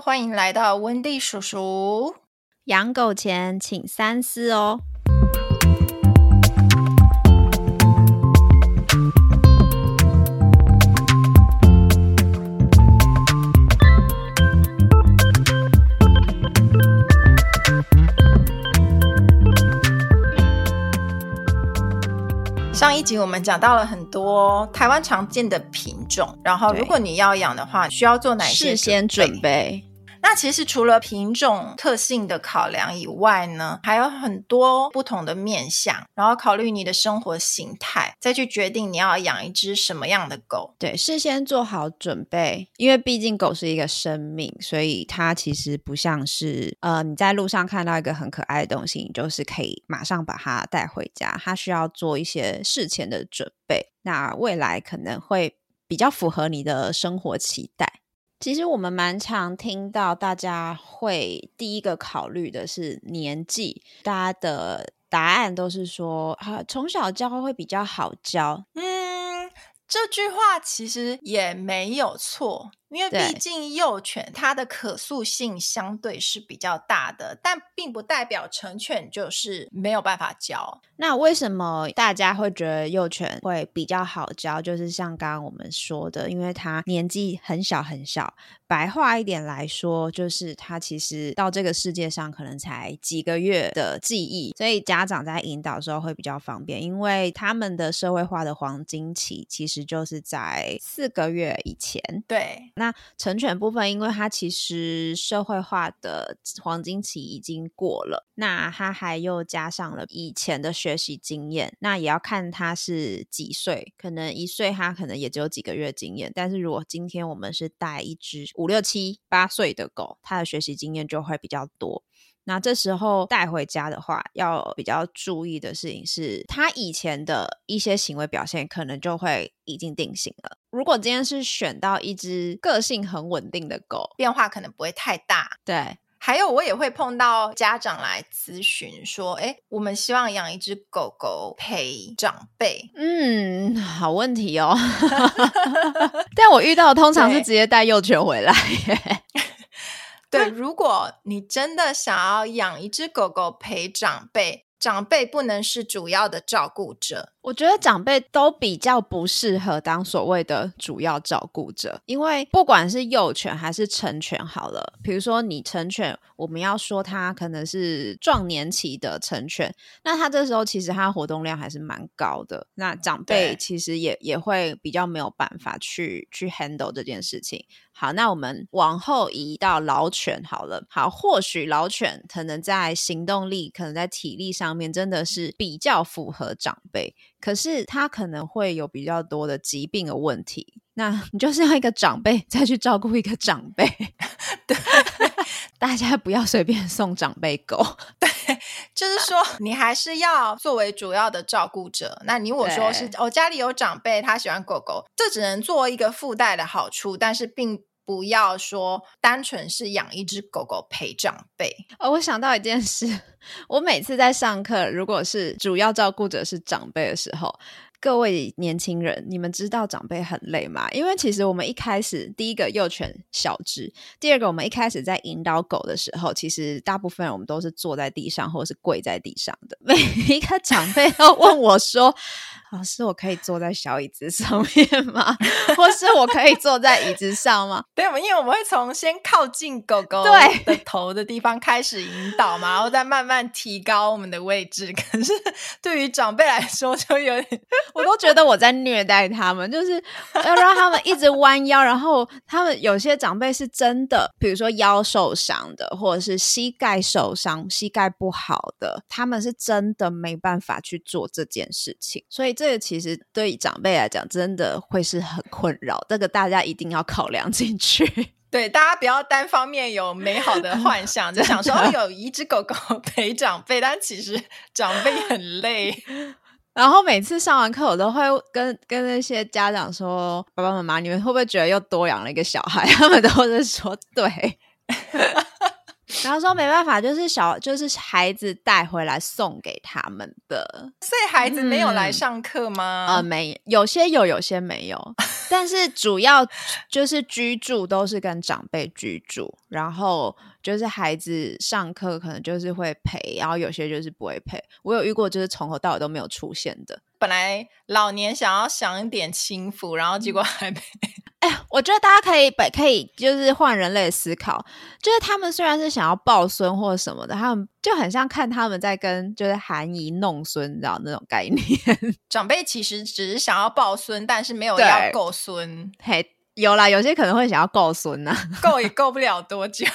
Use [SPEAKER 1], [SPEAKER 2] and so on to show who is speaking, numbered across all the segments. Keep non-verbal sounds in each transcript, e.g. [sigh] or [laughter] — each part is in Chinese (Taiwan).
[SPEAKER 1] 歡迎來到溫蒂叔叔。養狗前請三思哦。
[SPEAKER 2] 上一集我們講到了很多台灣常見的品種，然後如果你要養的話，對需要做哪些事先準備？那其實除了品種特性的考量以外呢，還有很多不同的面向，然後考慮你的生活形態，再去決定你要養一只什麼樣的狗。
[SPEAKER 1] 對，事先做好準備，因為畢竟狗是一個生命，所以它其實不像是呃你在路上看到一個很可愛的東西，你就是可以馬上把它帶回家。它需要做一些事前的準備，那未來可能會比較符合你的生活期待。其實我們蠻常聽到大家會第一個考慮的是年紀，大家的答案都是說啊，從小教會比較好教。嗯，
[SPEAKER 2] 這句話其實也沒有錯。因為畢竟幼犬它的可塑性相對是比較大的，對但並不代表成犬就是沒有辦法教。
[SPEAKER 1] 那為什麼大家會覺得幼犬會比較好教？就是像剛剛我們說的，因為它年紀很小很小，白話一點來說，就是它其實到這個世界上可能才幾個月的記憶，所以家長在引導的時候會比較方便，因為他們的社會化的黃金期其實就是在四個月以前。對。那成犬部分，因為它其實社會化的黃金期已經過了，那它還又加上了以前的學習經驗，那也要看它是幾歲，可能一歲它可能也只有幾個月經驗，但是如果今天我們是帶一隻五六七八歲的狗，它的學習經驗就會比較多。那這時候帶回家的話，要比較注意的事情是，他以前的一些行為表現可能就會已經定型了。
[SPEAKER 2] 如果今天是選到一隻個性很穩定的狗，變化可能不會太大。對，還有我也會碰到家長來諮詢說，哎、欸，我們希望養一隻狗狗陪長輩。
[SPEAKER 1] 嗯，好問題哦。 [laughs] [laughs] 但我遇到通常是直接帶幼犬回來。對 [laughs]
[SPEAKER 2] 對，如果你真的想要養一隻狗狗陪長輩，長輩不能是主要的照顧者。我覺得長輩都比較不
[SPEAKER 1] 適合當所謂的主要照顧者，因為不管是幼犬還是成犬，好了，譬如說你成犬，我們要說它可能是壯年期的成犬，那它這時候其實它活動量還是蠻高的，那長輩其實也對也會比較沒有辦法去去 handle 這件事情。好，那我們往後移到老犬好了，好，或許老犬可能在行動力、可能在體力上面真的是比較符合長輩。可是他可能會有比較多的疾病的問題，那你就是要一個長輩再去照顧一個長輩，對 [laughs] [laughs] 大家不要隨便送長輩狗。對，
[SPEAKER 2] 就是說 [laughs] 你還是要作為主要的照顧者。那你我說是，我對、哦、家裡有長輩，他喜歡狗狗，這只能做一個附帶的好處，但是並。不要說單純是養一隻狗狗陪長輩。而、哦、我想到一件事，我每次在
[SPEAKER 1] 上課，如果是主要照顧者是長輩的時候。各位年輕人，你們知道長輩很累嗎？因為其實我們一開始第一個幼犬小隻，第二個我們一開始在引導狗的時候，其實大部分我們都是坐在地上或者是跪在地上的。每一個長輩要問我說：“老師、 [laughs] 哦，是我可以坐在小椅子上面
[SPEAKER 2] 嗎？或是我可以坐在椅子上嗎？” [laughs] 對，我們因為我們會從先靠近狗狗的頭的地方開始引導嘛，對 [laughs] 然後再慢慢提高我們的位置。可是對於長輩來說，就有點。 [laughs] 我都覺得我在虐待
[SPEAKER 1] 他們，就是要讓他們一直彎腰。然後他們有些長輩是真的，比如說腰受傷的，或者是膝蓋受傷、膝蓋不好的，他們是真的沒辦法去做這件事情。所以這個其實對長輩來講，真的會是很困擾。這個大家一定要考量進去。
[SPEAKER 2] 對，大家不要單方面有美好的幻想，就想說有一隻狗狗陪長輩，但其實長輩很累。
[SPEAKER 1] 然後每次上完課，我都會跟跟那些家長說：“爸爸媽媽，你們會不會覺得又多養了一個小孩？”他們都是說：“對。” [laughs] 然後說沒辦法，就是小就是孩子帶回來送給他們的，
[SPEAKER 2] 所以孩子沒有來上課嗎？啊、嗯、呃，沒，
[SPEAKER 1] 有些有，有些沒有，但是主要就是居住都是跟長輩居住，然後。就是孩子上課可能就是會陪，然後有些就是不會陪。我有遇過，就是從頭到尾都沒有出現的。
[SPEAKER 2] 本來老年想要享一點清福，然後結果還沒。哎、嗯
[SPEAKER 1] 欸，我覺得大家可以，本可以就是換人類思考，就是他們雖然是想要抱孫或什麼的，他們就很像看他們在跟就是含飴弄孫，你知道那種概念。
[SPEAKER 2] 長輩其實只是想要抱孫，但是沒有要夠孫。
[SPEAKER 1] 嘿。有啦，有些可能會想要夠孫吶、啊，
[SPEAKER 2] 夠也夠不了多久。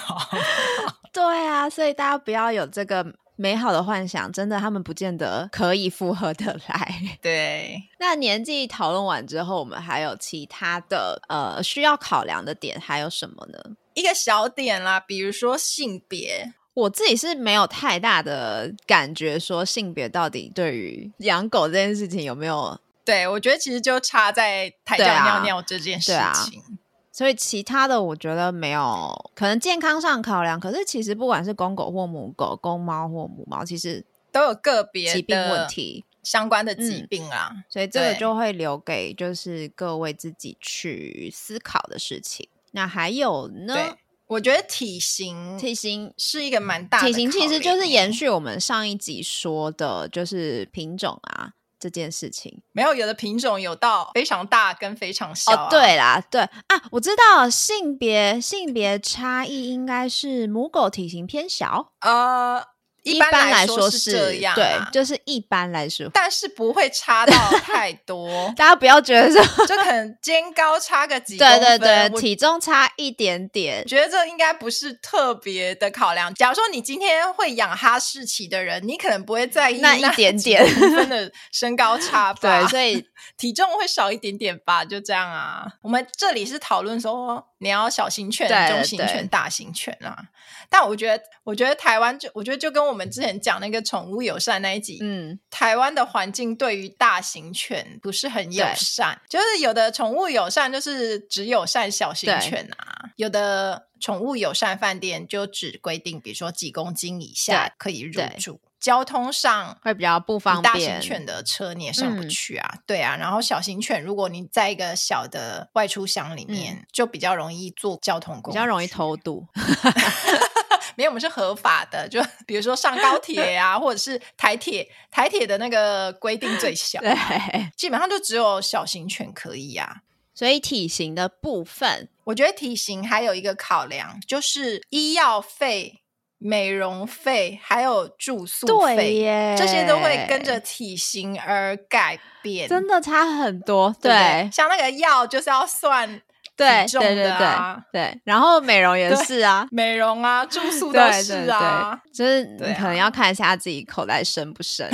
[SPEAKER 1] [laughs] 對啊，所以大家不要有這個美好的幻想，真的，他們不見得可以複合的來。對，那年紀討論完之後，我們還有其他的呃需要考量的點，還有什麼呢？
[SPEAKER 2] 一個小點啦，比如說性別，
[SPEAKER 1] 我自己是沒有太大的感覺，說性別到底對於養狗這件事情有沒有？
[SPEAKER 2] 對，我覺得其實就差在抬腳尿尿這件事情對、啊對啊，
[SPEAKER 1] 所以其他的我覺得沒有，可能健康上考量。可是其實不管是公狗或母狗，公貓或母貓，其實
[SPEAKER 2] 都有個別疾病問題相關的疾病啊、嗯。所以這個就
[SPEAKER 1] 會留給就是各位自己去思考的事情。對那還有呢？
[SPEAKER 2] 我覺得體型，體型是一個蠻大的體型，其實就
[SPEAKER 1] 是延續我們上一集說的，就是品種啊。這件事情
[SPEAKER 2] 沒有，有的品種有到非常大跟非常小，啊哦。對啦，對啊，我知道性別性別差
[SPEAKER 1] 異應該是母狗體型偏小。
[SPEAKER 2] 呃一般來說是這樣，啊是，對，
[SPEAKER 1] 就是一般來說，
[SPEAKER 2] 但是不會差到太多。 [laughs]
[SPEAKER 1] 大家不要覺得
[SPEAKER 2] 這，這可能肩高差個幾公分，對對對，我 體
[SPEAKER 1] 重差一點點，覺
[SPEAKER 2] 得這應該不是特別的考量。假如說你今天會養哈士奇的人，你可能不會在意那一點點真的身高差吧， [laughs] 對，所以體重會少一點點吧，就這樣啊。我們這裡是討論說你要小型犬，對中型犬，對大型犬啊。但我覺得，我覺得台灣就我覺得就跟我們之前講那個寵物友善那一集，嗯，台灣的環境對於大型犬不是很友善，對就是有的寵物友善就是只友善小型犬啊，對有的寵物友善飯店就只規定，比如說幾公斤以下可以入住。交通上會比較不方便，大型犬的車你也上不去啊，嗯、對啊。然後小型犬如果你在一個小的外出箱裡面，嗯、就比較容易做交通工具，比較容易偷渡。 [laughs] 沒有，我們是合法的。就比如說上高鐵啊， [laughs] 或者是台鐵，台鐵的那個規定最小啊，對基本上就只有小型犬可以啊。所以體型的部分，我覺得體型還有一個考量，就是醫藥費、美容費，還有住宿費，對耶這些都會跟着體型而改變，真
[SPEAKER 1] 的差很多。對，對，
[SPEAKER 2] 像那個藥就是要算。對,啊、對對
[SPEAKER 1] 對對 [laughs] 對，然後美容也是
[SPEAKER 2] 啊，美容啊，住宿都是啊，對對對
[SPEAKER 1] 就是你可能要看一下自己口袋深不深。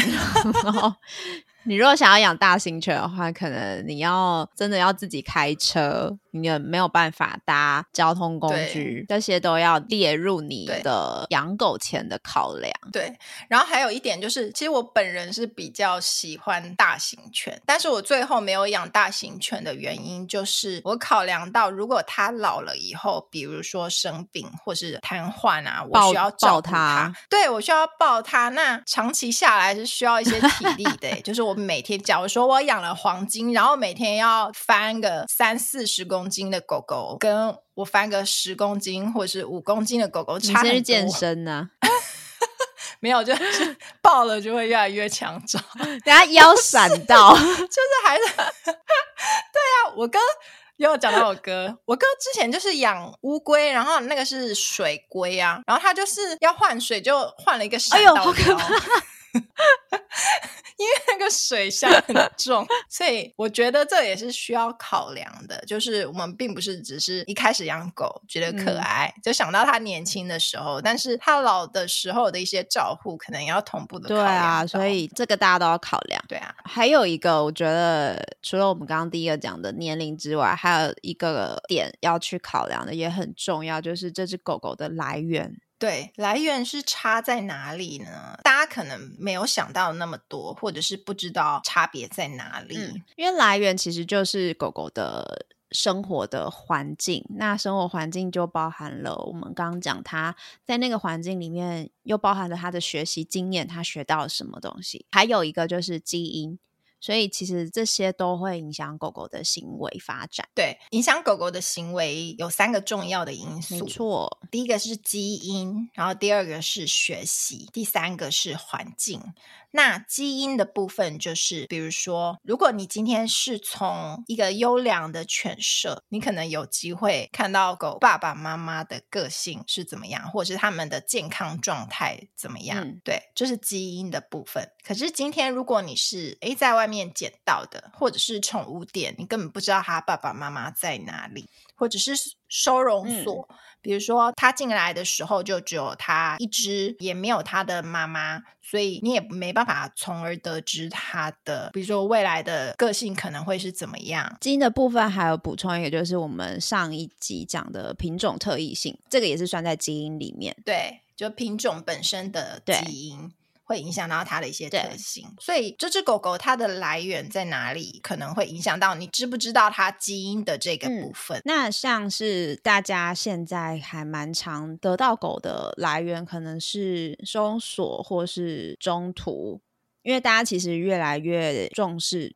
[SPEAKER 1] 然後你如果想要養大型犬的話，可能你要真的要自己開車。你也沒有辦法搭交通工具，對這些都要列入你的養狗前的考量，
[SPEAKER 2] 對。對，然後還有一點就是，其實我本人是比較喜歡大型犬，但是我最後沒有養大型犬的原因，就是我考量到如果它老了以後，比如說生病或是癱瘓啊，我需要照他抱它，抱他對，我需要抱它，那長期下來是需要一些體力的， [laughs] 就是我每天假如說我養了黃金，然後每天要翻個三四十公公斤的狗狗跟我翻個十公斤或者是五公斤的狗狗，差很多，你先去健身呢、啊？ [laughs] 沒有，就是抱了就會越來越強壯。等下腰閃到，就是還是 [laughs] 對啊。我哥又講到我哥， [laughs] 我哥之前就是養烏龜，然後那個是水龜啊，然後他就是要換水就換了一個石頭，哎呦，好可怕！ [laughs] 因為那個水箱很重，所以我覺得這也是需要考量的。就是我們並不是只是一開始養狗覺得可愛，嗯、就想到它年輕的時候，但是它老的時候的一些照護可能也要同步的。對啊，
[SPEAKER 1] 所以這個大家都要考量。對啊，還有一個我覺得除了我們剛剛第一個講的年齡之外，還有一個點要去考量的也很重要，就是這只狗狗的來源。
[SPEAKER 2] 對，來源是差在哪裡呢？大。可能沒有想到那麼多，或者是不知道差別在哪裡。嗯，
[SPEAKER 1] 因為來源其實就是狗狗的生活的環境。那生活環境就包含了我們剛剛講，它在那個環境裡面，又包含了它的學習經驗，它學到了什麼東西。還有一個就是基因。所以其實這些都會影響狗狗的
[SPEAKER 2] 行為發展，對，影響狗狗的行為有三個重要的因素，沒錯。第一個是基因，然後第二個是學習，第三個是環境。那基因的部分就是，比如說，如果你今天是從一個優良的犬舍，你可能有機會看到狗爸爸媽媽的個性是怎麼樣，或者是他們的健康狀態怎麼樣。嗯、對，就是基因的部分。可是今天如果你是哎在外面撿到的，或者是寵物店，你根本不知道他爸爸媽媽在哪裡，或者是收容所。嗯、比如說，他進來的時候就只有他一隻，也沒有他的媽媽，所以你也沒辦法從而得知他的，比如說未來的個性可能會是怎麼樣。基因的部
[SPEAKER 1] 分還有補充一個，就是我們上一集講的品種特異性，這個也是算在基因裡面。
[SPEAKER 2] 對，就品種本身的基因。會影響到它的一些特性，所以這只狗狗它的來源在哪裡，可能會影響到你知不知道它基因的這個部分。嗯。那像是大家現在還蠻
[SPEAKER 1] 常得到狗的來源，可能是收容所或是中途，因為大家其實越來越重視。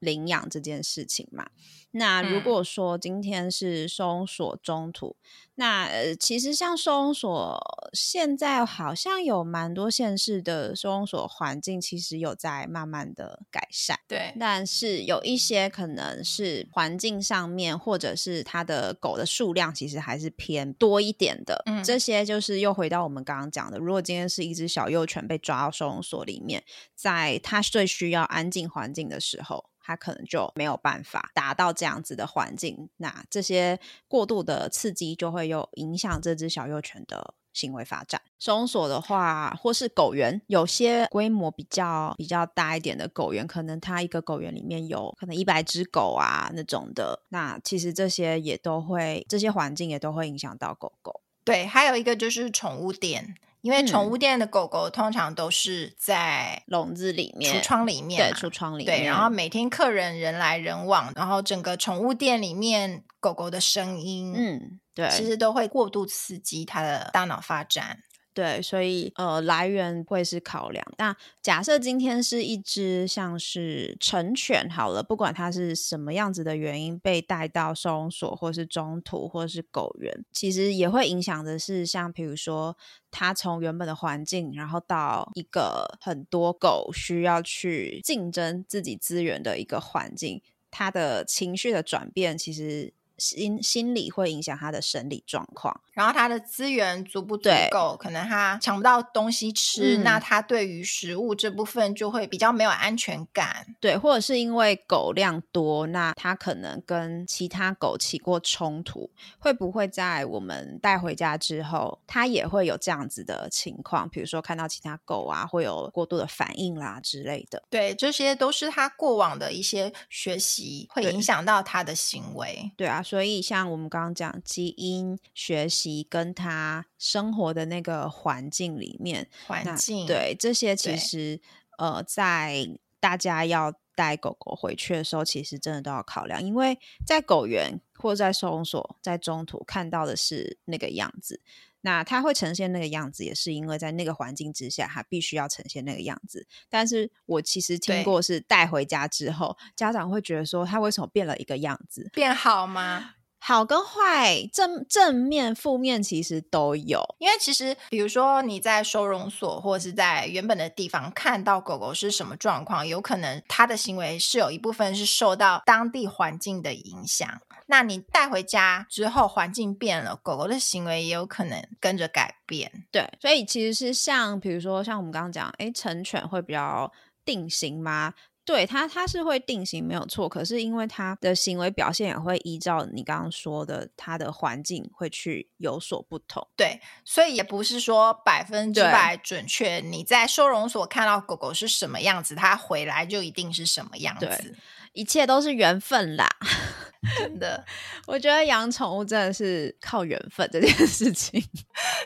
[SPEAKER 1] 領養這件事情嘛，那如果說今天是收容所中途，嗯、那、呃、其實像收容所現在好像有蠻多縣市的收容所環境，其實有在慢慢的改善，對，但是有一些可能是環境上面，或者是它的狗的數量，其實還是偏多一點的。嗯，這些就是又回到我們剛剛講的，如果今天是一隻小幼犬被抓到收容所裡面，在它最需要安靜環境的時候。它可能就沒有辦法達到這樣子的環境，那這些過度的刺激就會有影響這隻小幼犬的行為發展。收容所的話，或是狗園，有些規模比較比較大一點的狗園，可能它一個狗園裡面有可能一百隻狗啊那種的，那其實這些也都會，這些環境也都會影響到狗狗。
[SPEAKER 2] 對，還有一個就是寵物店。因為寵物店的狗狗通常都是在、嗯、籠子裡面，櫥窗裡面、櫥窗裡面，對，櫥窗裡面。對，然後每天客人人來人往，然後整個寵物店裡面狗狗的聲音，嗯，對，其實都會過度刺激它的大腦發展。
[SPEAKER 1] 對，所以呃，來源會是考量。那假設今天是一隻像是成犬好了，不管它是什麼樣子的原因被帶到收容所或是中途，或是狗園，其實也會影響的是，像比如說它從原本的環境，然後到一個很多狗需要去競爭自己資源的一個環境，它的情緒的轉變其實。心心理會影響他的生理狀況，
[SPEAKER 2] 然後他的資源足不足夠？對，可能他搶不到東西吃，嗯、那他對於食物這部分就會比較沒有安全感。
[SPEAKER 1] 對，或者是因為狗量多，那他可能跟其他狗起過衝突，會不會在我們帶回家之後，他也會有這樣子的情況？比如說看到其他狗啊，會有過度的反應啦、啊、之類的。
[SPEAKER 2] 對，這些都是他過往的一些學習，對會影響到他的行為。
[SPEAKER 1] 對啊。所以，像我們剛剛講基因、學習，跟他生活的那個環境裡面，環境對這些其實對呃，在大家要帶狗狗回去的時候，其實真的都要考量，因為在狗園或在收容所，在中途看到的是那個樣子。那他會呈現那個樣子，也是因為在那個環境之下，他必須要呈現那個樣子。但是我其實聽過，是帶回家之後，對家長會覺得說，他為什麼變了一個
[SPEAKER 2] 樣子？變好嗎？好跟壞，正正面、負面其實都有。因為其實，比如說你在收容所或是在原本的地方看到狗狗是什麼狀況，有可能它的行為是有一部分是受到當地環境的影響。那你帶回家之後，環境變了，狗狗的行為也有可能跟着改變。對，所以其實是像比如說，像我們剛剛講，哎、欸，成犬會
[SPEAKER 1] 比較定型嗎？對，它，它是會定型沒有錯，可是因為它的行為表現也會依照你剛剛說的，它的環境會去有所不同。
[SPEAKER 2] 對，所以也不是說百分之百準確。你在收容所看到狗狗是什麼樣子，它回來就一定是什麼樣子，對，一切都是緣分啦。 [laughs] 真的， [laughs] 我覺得養寵物真的是靠緣分這件事情，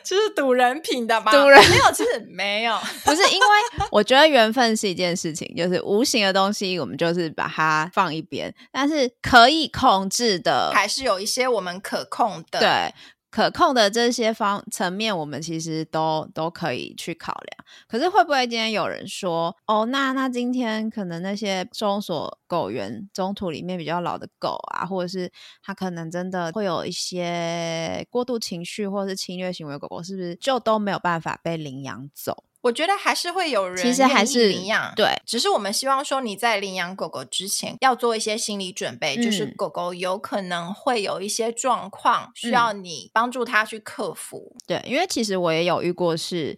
[SPEAKER 2] 就是賭人品的吧？賭人沒有，其實沒有，不是，因為
[SPEAKER 1] 我覺得緣分是一件事情，就是無形的東西，我們就是把它放一邊。
[SPEAKER 2] 但是可
[SPEAKER 1] 以控制的，還
[SPEAKER 2] 是有一些我們可控的，對。
[SPEAKER 1] 可控的這些方層面，我們其實都都可以去考量。可是會不會今天有人說，哦，那那今天可能那些收容所狗園中途裡面比較老的狗啊，或者是它可能真的會有一些過度情緒或是侵略行為，狗狗是不是就都沒有辦法被領養走？
[SPEAKER 2] 我覺得還是會有人領養，其實還是領養。對，只是我們希望說你在領養狗狗之前要做一些心理準備，嗯、就是狗狗有可能會有一些狀況需要你幫助他去克服、
[SPEAKER 1] 嗯。對，因為其實我也有遇過是，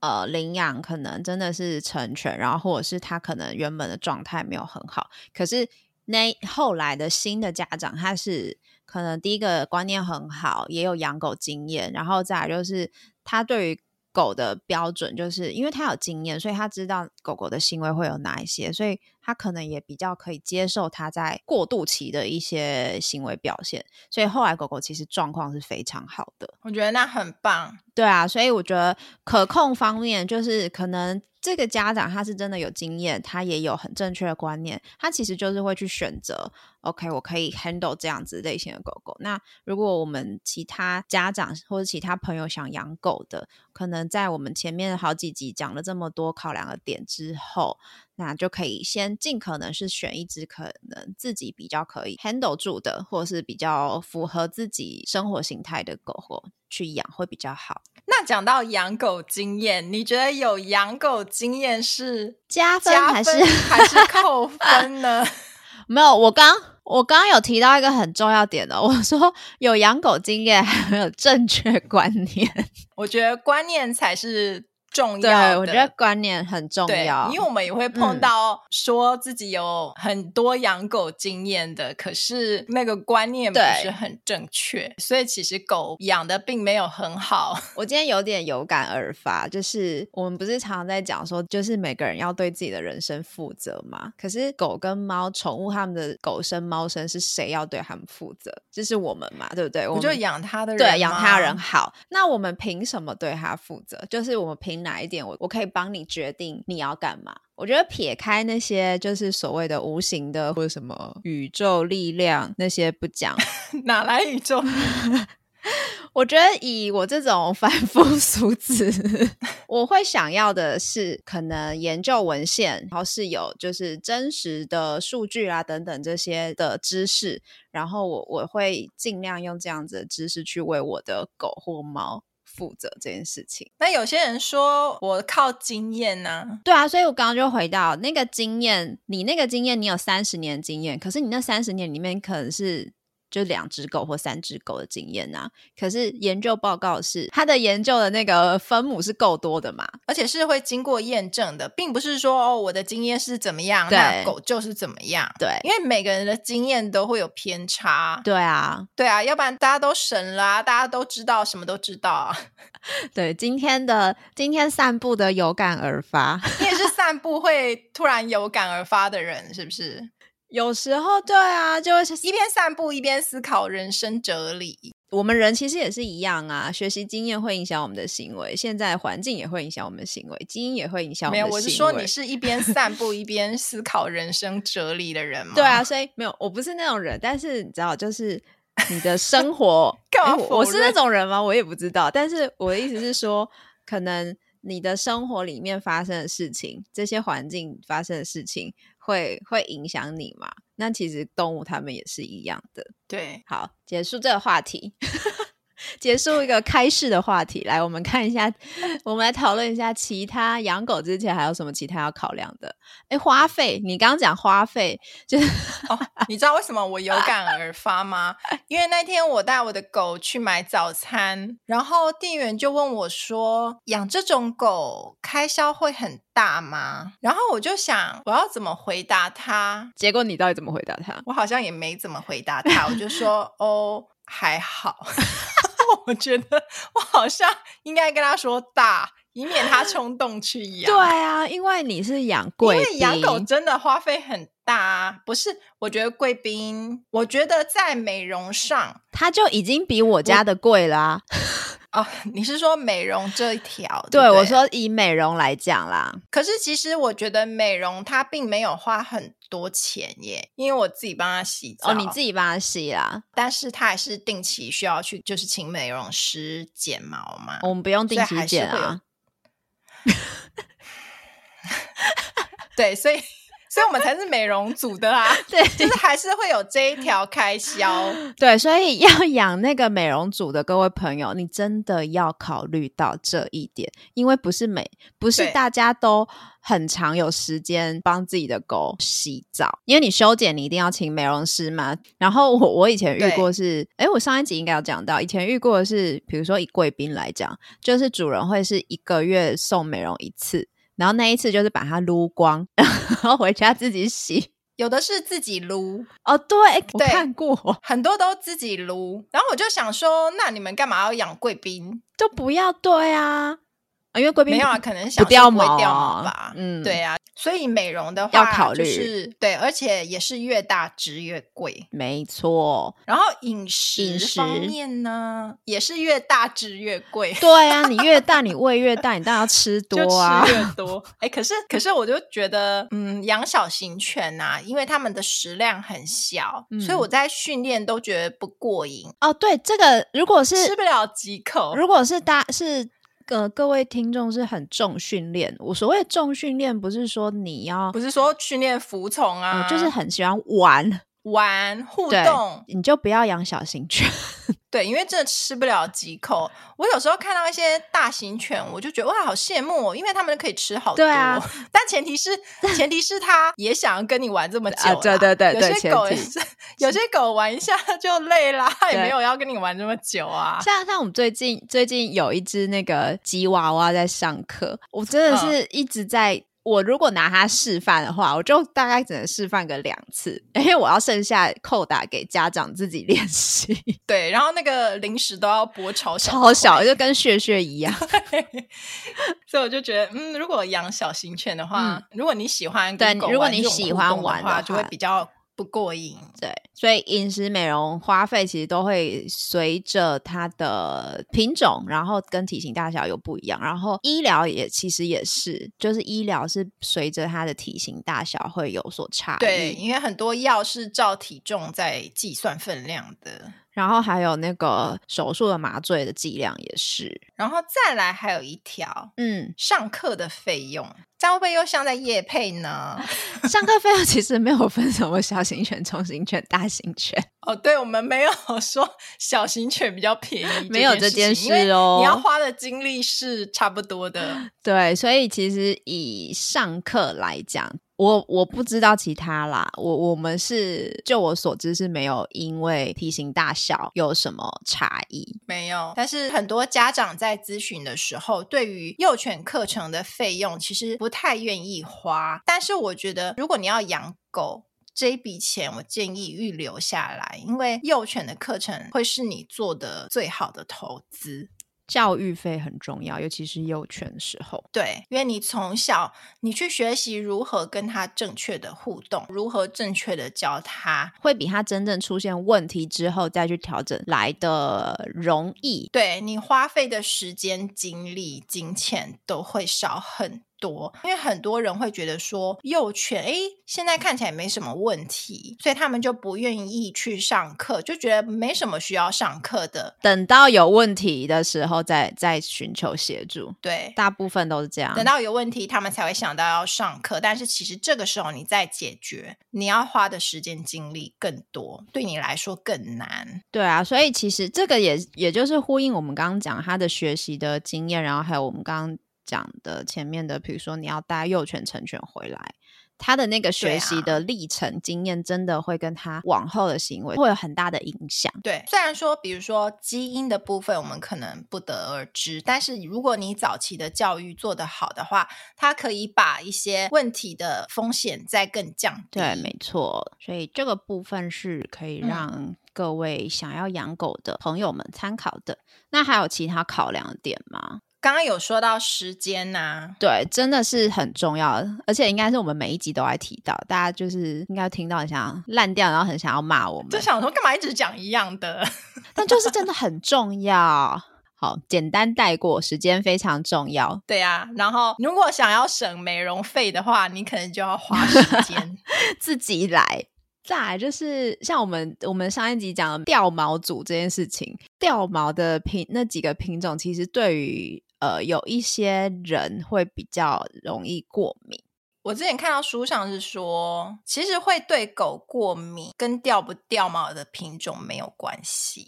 [SPEAKER 1] 呃，領養可能真的是成犬，然後或者是他可能原本的狀態沒有很好，可是那後來的新的家長他是可能第一個觀念很好，也有養狗經驗，然後再來就是他對於。狗的標準就是，因為他有經驗，所以他知道狗狗的行為會有哪一些，所以他可能也比較可以接受他在過渡期的一些行為表現。所以後來狗狗其實狀況是非常好的，
[SPEAKER 2] 我覺得那很棒。
[SPEAKER 1] 對啊，所以我覺得可控方面就是，可能這個家長他是真的有經驗，他也有很正確的觀念，他其實就是會去選擇，OK，我可以 handle 這樣子類型的狗狗。那如果我們其他家長或者其他朋友想養狗的，可能在我們前面好幾集講了這麼多考量的點之後，那就可以先盡可能是選一隻可能自己比較可以 handle 住的，或是比較符合自己生活形態的狗狗去養，會比較好。
[SPEAKER 2] 那講到養狗經驗，你覺得有養狗經驗是加分還是還是扣分呢分 [laughs] 、
[SPEAKER 1] 啊？沒有，我剛。我剛剛有提到一個很重要點的，我說有養狗經驗還有正確觀念，
[SPEAKER 2] 我覺得觀念才是重要，對，我覺得觀念很
[SPEAKER 1] 重要，因為我
[SPEAKER 2] 們也會碰到說自己有很多養狗經驗的，嗯、可是那個觀念不是很正確，對所以其實狗養的並沒有很
[SPEAKER 1] 好。我今天有點有感而發，就是我們不是常常在講說，就是每個人要對自己的人生負責嘛？可是狗跟貓、寵物，他們的狗生、貓生是誰要對他們負責？就是我們嘛，對不對？我們我就
[SPEAKER 2] 養他的人，對養他的人好。貓那
[SPEAKER 1] 我們憑什麼對他負責？就是我們憑？哪一點？我我可以幫你決定你要幹嘛？我覺得撇開那些就是所謂的無形的或者什麼宇宙力量那些不講，
[SPEAKER 2] [laughs] 哪來宇宙？ [laughs] 我覺得以我這
[SPEAKER 1] 種凡夫俗子， [laughs] 我會想要的是可能研究文獻，然後是有就是真實的數據啊等等這些的知識，然後我我會盡量用這樣子的知識去餵我的狗或貓。
[SPEAKER 2] 負責這件事情，那有些人說我靠經驗呢？啊，對啊，所以我剛
[SPEAKER 1] 剛就回到那個經驗，你那個經驗，你有三十年經驗，可是你那三十年裡面可能是。就兩只狗或三只狗的經驗吶、啊，可是研究報告是他的研究的那個分母是夠多的嘛，
[SPEAKER 2] 而且是會經過驗證的，并不是說哦我的經驗是怎麼樣，對那狗就是怎麼樣。對，因為每個人的經驗都會有偏差。對啊，對啊，要不然大家都神啦、啊，大家都知道什麼都知道、啊。
[SPEAKER 1] [laughs] 對，今天的今天散步的有感而發，
[SPEAKER 2] [laughs] 你也是散步會突然有感而發的人，是不是？有時候，對啊，就是一邊散步一邊思考人生哲理。我們人其實也是一樣啊，學習經
[SPEAKER 1] 驗會影響我們的行為，現在環境也會影響我們的行為，基因也會影響。沒有，我是說你是
[SPEAKER 2] 一邊散步 [laughs] 一邊思考人生哲理的人嗎？對啊，
[SPEAKER 1] 所以沒有，我不是那種人。但是你知道，就是你的生活， [laughs] 嘛欸、我是那種人嗎？我也不知道。但是我的意思是說， [laughs] 可能你的生活裡面發生的事情，這些環境發生的事情，會會影響你嘛？那其實動物它們也是一樣的。對，好，結束這個話題。 [laughs] 結束一個開市的話題，來，我們看一下，我們來討論一下其他養狗之前還有什麼其他要考
[SPEAKER 2] 量的。
[SPEAKER 1] 誒，花費，你剛剛講花費，就
[SPEAKER 2] 是、哦、你知道為什麼我有感而發嗎？啊、因為那天我帶我的狗去買早餐，然後店員就問我說：“養這種狗開銷會很大嗎？”然後我就想，我要怎麼回答他？結果你到底怎麼回答他？我好像也沒怎麼回答他，我就說：“ [laughs] 哦，還好。”我覺得我好像應該跟他說大，以免他衝動去養。 [laughs] 對啊，因為你是
[SPEAKER 1] 養貴因為養狗真
[SPEAKER 2] 的花費很大啊。不是，我覺得貴賓，我覺得在美容上，
[SPEAKER 1] 它就已經比我家的貴啦、啊。
[SPEAKER 2] 哦、啊，你是說美容這一條？ [laughs] 對，對對
[SPEAKER 1] 我說以美容來講啦。
[SPEAKER 2] 可是其實我覺得美容它並沒有花很。多錢耶？因為我自己幫他洗澡。哦，你自己幫他洗啦。但是他還是定期需要去，就是請美容師剪毛嘛。我們不用定期剪啊。 [laughs] 對，所以，所以我們才是美容組的啊。對， [laughs] 就是還是會有這一條開銷。 [laughs]
[SPEAKER 1] 對，所以要養那個美容組的各位朋友，你真的要考慮到這一點，因為不是美，不是大家都。很常有時間幫自己的狗洗澡，因為你修剪你一定要請美容師嘛。然後我我以前遇過是，哎對、欸，我上一集應該有講到，以前遇過的是，比如說以貴賓來講，就是主人會是一個月送美容一次，然後那一次就是把它擼光，然
[SPEAKER 2] 後回家自己洗。有的是自己擼哦，對，欸、對我看過很多都自己擼，然後我就想說，那你們幹嘛要養貴賓？都、嗯、
[SPEAKER 1] 不要對啊。啊，因為貴賓沒有啊，可能小不會掉毛吧，
[SPEAKER 2] 毛啊、嗯，對呀、啊，所以美容的話、啊、要考慮、就是，對，而且也是越大只越貴，沒
[SPEAKER 1] 錯錯。然後飲食方面
[SPEAKER 2] 呢，食也是越大只越貴，對
[SPEAKER 1] 啊，你越大你胃越大， [laughs] 你當然要吃多吃、啊、越
[SPEAKER 2] 多。哎、欸，可是可是我就覺得，嗯，養小型犬吶、啊，因為他們的食量很小，嗯、所以我在訓練都覺得不過癮。哦，對，這個如果是吃不了幾口，如果是
[SPEAKER 1] 大是。呃，各位聽眾是很重訓練。我所謂重訓練，不是說你要，不是
[SPEAKER 2] 說訓練服從啊，呃，就是很
[SPEAKER 1] 喜歡玩。
[SPEAKER 2] 玩互動，
[SPEAKER 1] 你就不要養小型犬。
[SPEAKER 2] [laughs] 對，因為真的吃不了幾口。我有時候看到一些大型犬，我就覺得哇，好羨慕，哦，因為他們可以吃好多。對啊，但前提是， [laughs] 前提是它也想要跟你玩這麼久對啊。對對對，對，有些狗前提 [laughs] 有些狗玩一下就累了，他也沒有要跟你玩這麼久啊。像像我們最近最近有
[SPEAKER 1] 一隻那個吉娃娃在上課，我真的是一直在、嗯。我如果拿它示範的話，我就大概只能示範個兩次，因為我要剩下扣打給家長自己練習。
[SPEAKER 2] 對，然後那個零食都要剝超小，小，超
[SPEAKER 1] 小就跟雪雪一樣。
[SPEAKER 2] [laughs] [laughs] 所以我就覺得，嗯，如果養小型犬的話，嗯、如果你喜歡對，如果你喜歡玩的話，就會比較不過癮。對。所以飲
[SPEAKER 1] 食美容花費其實都會隨着它的品種，然後跟體型大小又不一樣。然後醫療也其實也是，就是醫療是隨着它的體型大小會有所差異。對，
[SPEAKER 2] 因為很多藥是照體重在計算分量的。
[SPEAKER 1] 然後還有那個手術的麻醉的劑量也是。
[SPEAKER 2] 然後再來還有一條，嗯，上課的費用，這樣會不會又像在業配呢？
[SPEAKER 1] [laughs] 上課費用其實沒有分什麼小型犬、中型犬、大。犬
[SPEAKER 2] 哦，對，我們沒有說小型犬比較便宜，沒有這件事。哦，因為你要花的精力是差不多的。
[SPEAKER 1] 對，所以其實以上課來講，我我不知道其他啦。我我們是就我所知是沒有因為體型大小有什麼差異，
[SPEAKER 2] 沒有。但是很多家長在諮詢的時候，對於幼犬課程的費用，其實不太願意花。但是我覺得，如果你要養狗，這一筆錢我建議預留下來，因為幼犬的課程會是你做的最好的投資。教育費很
[SPEAKER 1] 重要，尤其是
[SPEAKER 2] 幼犬的時候。對，因為你從小你去學習如何跟它正確的互動，如何正確的教它，
[SPEAKER 1] 會比它真正出現問題之後再去調整來的容
[SPEAKER 2] 易。對，你花費的時間、精力、金錢都會少很多。多，因為很多人會覺得說，幼犬誒，現在看起來沒什麼問題，所以他們就不願意去上課，就覺得沒什麼需要上課的。
[SPEAKER 1] 等到有問題的時候，再再尋求協助。對，大部分都是
[SPEAKER 2] 這樣。等到有問題，他們才會想到要上課，但是其實這個時候你再解決，你要花的時間精力更多，對你來說更難。
[SPEAKER 1] 對啊，所以其實這個也也就是呼應我們剛剛講他的學習的經驗，然後還有我們剛剛。講的前面的，比如說你要帶幼犬成犬回來，他的那個學習的歷程、經驗，真的會跟他往後的行為會有很大的影響。對，
[SPEAKER 2] 雖然說比如說基因的部分，我們可能不得而知，但是如果你早期的教育做得好的話，它可以把一些問題的風險再更降低。
[SPEAKER 1] 對，沒錯。所以這個部分是可以讓各位想要養狗的朋友們參考的。嗯。那還有其他考量點嗎？
[SPEAKER 2] 剛剛有說到時間吶、
[SPEAKER 1] 啊，對，真的是很重要，而且應該是我們每一集都還提到，大家就是應該聽到很想要爛掉，然後很想要罵我們，就
[SPEAKER 2] 想說幹嘛一直講一樣的，
[SPEAKER 1] [laughs] 但就是真的很重要。好，簡單帶過，時間非常重要，
[SPEAKER 2] 對啊，然後如果想要省美容費的話，你可能就要花時間 [laughs] 自己來。再來就是
[SPEAKER 1] 像我們我們上一集講的掉毛組這件事情，掉毛的品那幾個品種，其實對於呃，有一些人會比較容易過敏。
[SPEAKER 2] 我之前看到書上是說，其實會對狗過敏跟掉不掉毛的品種沒有關係。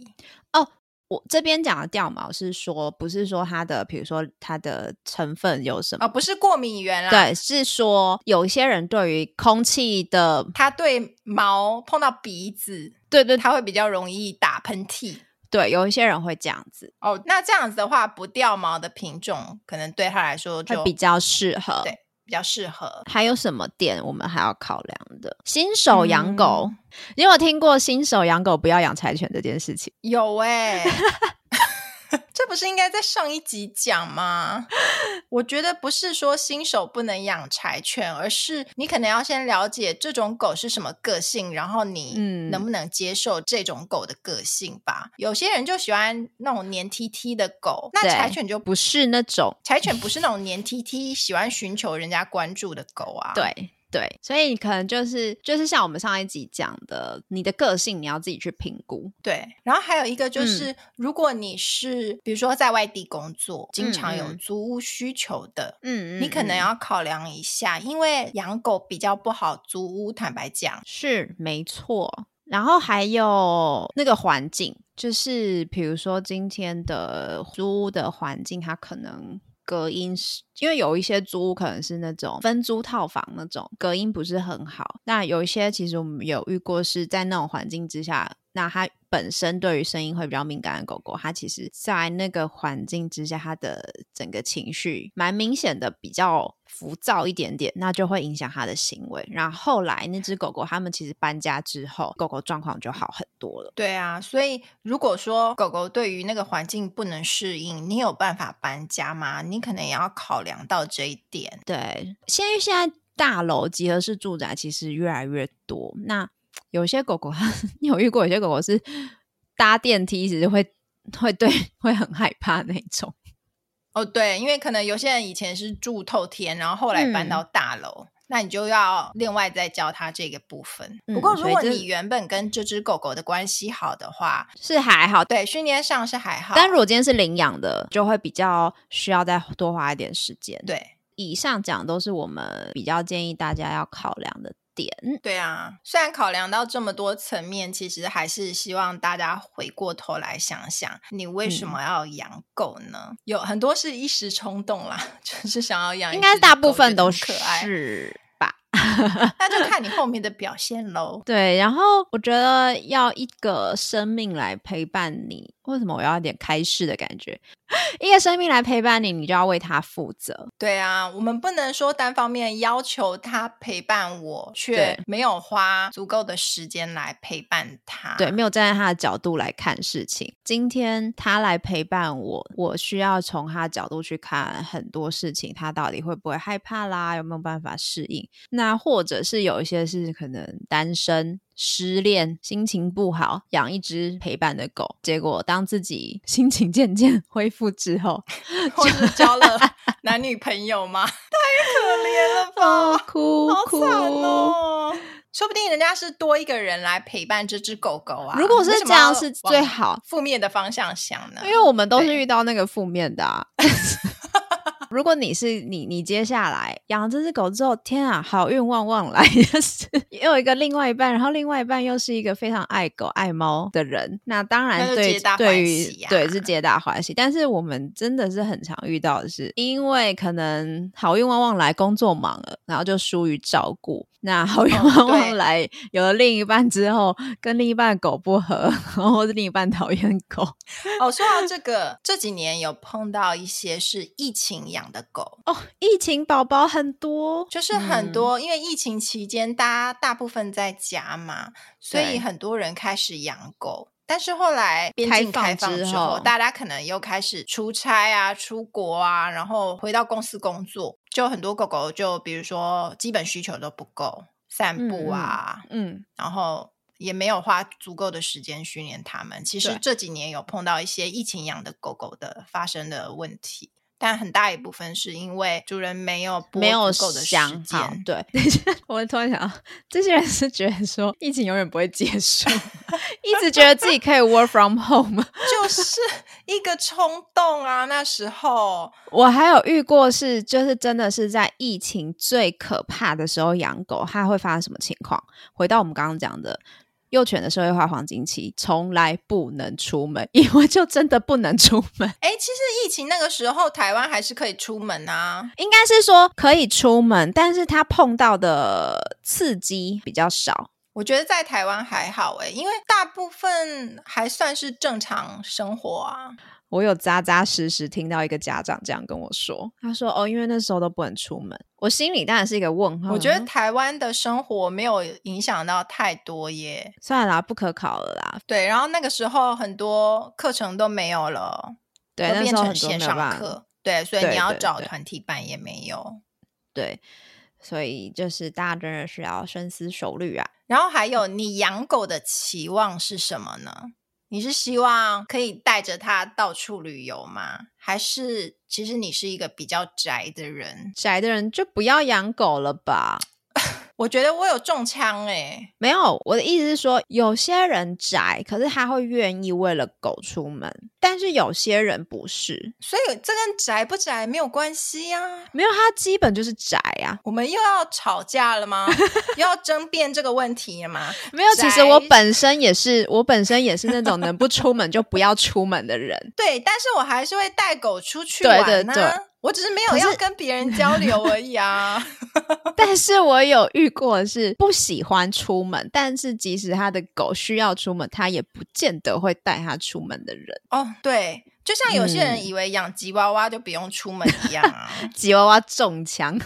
[SPEAKER 1] 哦，我這邊講的掉毛是說，不是說它的，比如說它的成分有什麼、哦、
[SPEAKER 2] 不是過敏原啊？對，
[SPEAKER 1] 是說有一些人對於空氣的，
[SPEAKER 2] 它對毛碰到鼻子，對對，他會比較容易打噴嚏。
[SPEAKER 1] 對，有一些人會這樣子。
[SPEAKER 2] 哦，oh, 那這樣子的話，不掉毛的品種，可能對他來說就比較適合。對，比較適合。還
[SPEAKER 1] 有什麼點我們還要考量的？新手養狗，嗯、你有聽過新手養狗不要養柴犬這件事情？
[SPEAKER 2] 有哎、欸。 [laughs] 不是應該在上一集講嗎？ [laughs] 我覺得不是說新手不能養柴犬，而是你可能要先了解這種狗是什麼個性，然後你能不能接受這種狗的個性吧。嗯、有些人就喜歡那種黏 T T 的狗，那柴犬就
[SPEAKER 1] 不是那種
[SPEAKER 2] 柴犬，不是那種黏 T T、梯梯喜歡尋求人家關注的狗啊。
[SPEAKER 1] 對。對，所以可能就是就是像我們上一集講的，你的個性你要自己去評估。
[SPEAKER 2] 對，然後還有一個就是，嗯、如果你是比如說在外地工作，嗯、經常有租屋需求的，
[SPEAKER 1] 嗯，你可能要
[SPEAKER 2] 考量一下，嗯、因為養狗比較不好租屋，坦白講。是，
[SPEAKER 1] 沒錯。然後還有那個環境，就是比如說今天的租屋的環境，它可能隔音是。因為有一些租屋可能是那種分租套房，那種隔音不是很好，那有一些其實我們有遇過是在那種環境之下，那它本身對於聲音會比較敏感的狗狗，它其實，在那個環境之下，它的整個情緒蠻明顯的，比較浮躁一點點，那就會影響它的行為。然後後來那隻狗狗他們其實搬家之後，狗狗狀況就好很多了。
[SPEAKER 2] 對啊，所以如果說狗狗對於那個環境不能適應，你有辦法搬家嗎？你可能也要考慮。講到這一點，對，現在現在大
[SPEAKER 1] 樓集合式住宅其實越來越多。那有些狗狗，呵呵你有遇過？有些狗狗是搭電梯其實會會對會很害怕那種。
[SPEAKER 2] 哦，對，因為可能有些人以前是住透天，然後後來搬到大樓。嗯那你就要另外再教它這個部分。不過如果你原本跟這隻狗狗的關係好的話，是還好。對，訓練上是還好。但
[SPEAKER 1] 如果今天是領養的，就會比較需要再多花一點時間。對，以上講都是我們比較建議大家要考量的。點，
[SPEAKER 2] 對啊，雖然考量到這麼多層面，其實還是希望大家回過頭來想想，你為什麼要養狗呢？嗯、有很多是一時衝動啦，就是想要養，應該大部
[SPEAKER 1] 分都是覺得可愛是吧？
[SPEAKER 2] [laughs] 那就看你後面的表現嘍。 [laughs]
[SPEAKER 1] 對，然後我覺得要一個生命來陪伴你，為什麼我要有點開示的感覺？一個生命來陪伴你，你就要為他負責。
[SPEAKER 2] 對啊，我們不能說單方面要求他陪伴我，卻沒有花足夠的時間來陪伴他對。對，
[SPEAKER 1] 沒有站在他的角度來看事情。今天他來陪伴我，我需要從他的角度去看很多事情。他到底會不會害怕啦？有沒有辦法適應？那或者是有一些是可能單身。失戀，心情不好，養一隻陪伴的狗。結果當自己心情漸漸恢復之後，
[SPEAKER 2] 就交了男女朋友嘛， [laughs] 太可憐了吧，哦、哭，好慘哦！說不定人家是多一個人來陪伴這隻狗狗啊。如果是這樣，是最好。為什麼要往負面的方向想呢？
[SPEAKER 1] 因為我們都是遇到那個負面的啊。對 [laughs] 如果你是你，你接下來養這隻狗之後，天啊，好運旺旺來，就是又有一個另外一半，然後另外一半又是一個非常愛狗愛貓的人，那當然對，啊、對於對是皆大歡喜。但是我們真的是很常遇到的是，因為可能好運旺旺來工作忙了，然後就疏於照顧。那好運旺旺來、哦、有了另一半之後，跟另一半狗不合，然後或者另一半討厭狗。
[SPEAKER 2] [laughs] 哦，說到這個， [laughs] 這幾年有碰到一些是疫情養。養的狗哦，oh, 疫情寶寶很多，就是很多，嗯，因為疫情期間大家大部分在家嘛，所以很多人開始養狗。對但是後來邊境開放之後，之後大家可能又開始出差啊、出國啊，然後回到公司工作，就很多狗狗就比如說基本需求都不夠，散步啊，嗯，嗯，然後也沒有花足夠的時間訓練它們。其實這幾年有碰到一些疫情養的狗狗的發生的問題。但很大一部分是因為主人沒有沒有夠的時間。
[SPEAKER 1] 對，等一 [laughs] 我突然想到，這些人是覺得說疫情永遠不會結束，
[SPEAKER 2] [laughs] [laughs] 一直覺得自己可以 work
[SPEAKER 1] from home，
[SPEAKER 2] [laughs] 就是一個衝動啊。那時候
[SPEAKER 1] 我還有遇過是，就是真的是在疫情最可怕的時候養狗，它會發生什麼情況？回到我們剛剛講的。幼犬的社會化黃金期，從來不能出門，因為就真的不能出門。
[SPEAKER 2] 誒，其實疫情那個時候，台灣還是可以出門啊，
[SPEAKER 1] 應該是說可以出門，但是他碰到的刺激比較少。
[SPEAKER 2] 我覺得在台灣還好欸，因為大部分還算是正常生活啊。
[SPEAKER 1] 我有扎扎實實聽到一個家長這樣跟我說，他說：“哦，因為那時候都不能出門。”我心裡當然是一個問號。我覺得
[SPEAKER 2] 台灣的生活沒有影響到太多耶。
[SPEAKER 1] 算了啦，不可考了啦。
[SPEAKER 2] 對，然後那個時候很多課程都沒有了。對，變成線上課。對，所以你要找團體班也沒有。
[SPEAKER 1] 對對對對。對，所以就是
[SPEAKER 2] 大家真的是要深思熟慮啊。然後還有，你養狗的期望是什麼呢？你是希望可以帶着它到處旅遊嗎？還是其實你是一個比較宅的人？宅
[SPEAKER 1] 的人就不要養狗了吧。
[SPEAKER 2] 我覺得我有中槍哎、欸，
[SPEAKER 1] 沒有，我的意思是說，有些人宅，可是他會願意為了狗出門，但是有些人不是，
[SPEAKER 2] 所以這跟宅不宅沒有關係呀、啊。
[SPEAKER 1] 沒有，他基本就是宅啊。我
[SPEAKER 2] 們又要吵架了嗎？ [laughs] 又要爭辯這個問題了嗎？ [laughs] 沒有，其實我
[SPEAKER 1] 本身也是，我本身也是那種能不出門就不要出門的人。 [laughs]
[SPEAKER 2] 對，但是我還是會帶狗出去玩呢、啊。對對對我只是沒有要跟別人交流而已啊。是，
[SPEAKER 1] [laughs] 但是我有遇過的是不喜歡出門， [laughs] 但是即使他的狗需要出門，他也不見得會帶他出門的人。
[SPEAKER 2] 哦，對，就像有些人以為養吉娃娃就不用出門一樣啊，嗯、
[SPEAKER 1] [laughs] 吉娃娃中槍，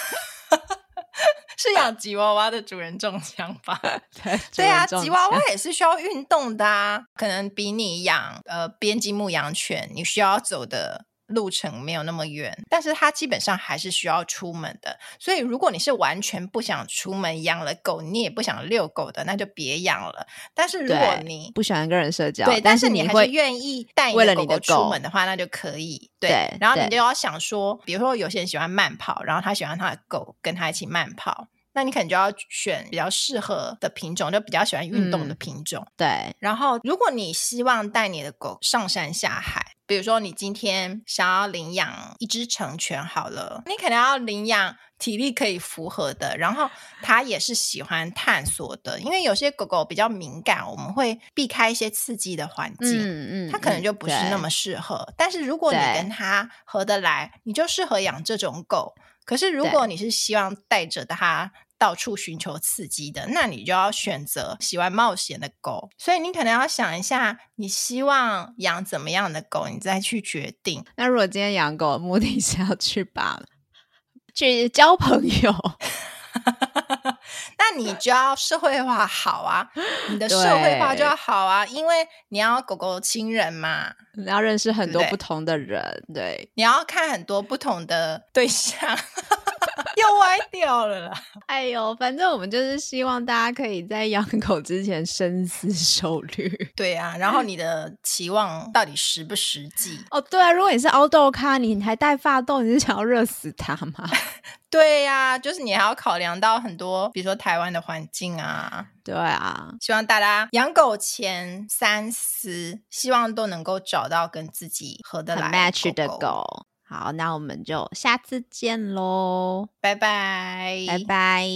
[SPEAKER 2] [laughs] [laughs] 是養吉娃娃的主人中槍吧？ [laughs] 槍對啊，吉娃娃也是需要運動的、啊，可能比你養呃邊境牧羊犬你需要走的。路程沒有那麼遠，但是他基本上還是需要出門的。所以，如果你是完全不想出門養了狗，你也不想遛狗的，那就別養了。但是，如果你
[SPEAKER 1] 不喜歡跟人社交，對，但是你還是願
[SPEAKER 2] 意帶你的狗狗出門的話，的那就可以。對，對，然後你就要想說，對比如說有些人喜歡慢跑，然後他喜歡他的狗跟他一起慢跑，那你可能就要選比較適合的品種，就比較喜歡運動的品種。嗯、對。然後，如果你希望帶你的狗上山下海，比如說，你今天想要領養一只成犬，好了，你可能要領養體力可以符合的，然後它也是喜歡探索的，因為有些狗狗比較敏感，我們會避開一些刺激的環境，嗯嗯、它可能就不是那麼適合。對但是如果你跟它合得來，你就適合養這種狗。可是如果你是希望帶着它，到處尋求刺激的，那你就要選擇喜歡冒險的狗。所以你可能要想一下，你希望養怎麼樣的狗，你再去決定。那如果今天養狗目的是要去把去交朋友， [laughs] 那你就要社會化好啊， [laughs] 對你的社會化就要好啊，因為你要狗狗親人嘛，
[SPEAKER 1] 你要認識很多不同的人，對，
[SPEAKER 2] 對，對你要看很多不同的對象。 [laughs] 又 [laughs] 歪掉了啦！哎呦，反正我們就是希望大家可以在養狗之前深思熟慮。對啊，然後你的期望到底實不實際？
[SPEAKER 1] [laughs] 哦，對啊，如果你是 outdoor 咖，你還帶法鬥，你是想要熱死它嗎？
[SPEAKER 2] [laughs] 對呀、啊，就是你還要考量到很多，比如說台灣的環境啊，對啊，希望大家養狗前三思，希望都能夠找到跟自己合得來 match 的狗。
[SPEAKER 1] 好，那我們就下次見嘍。
[SPEAKER 2] 拜拜，拜
[SPEAKER 1] 拜。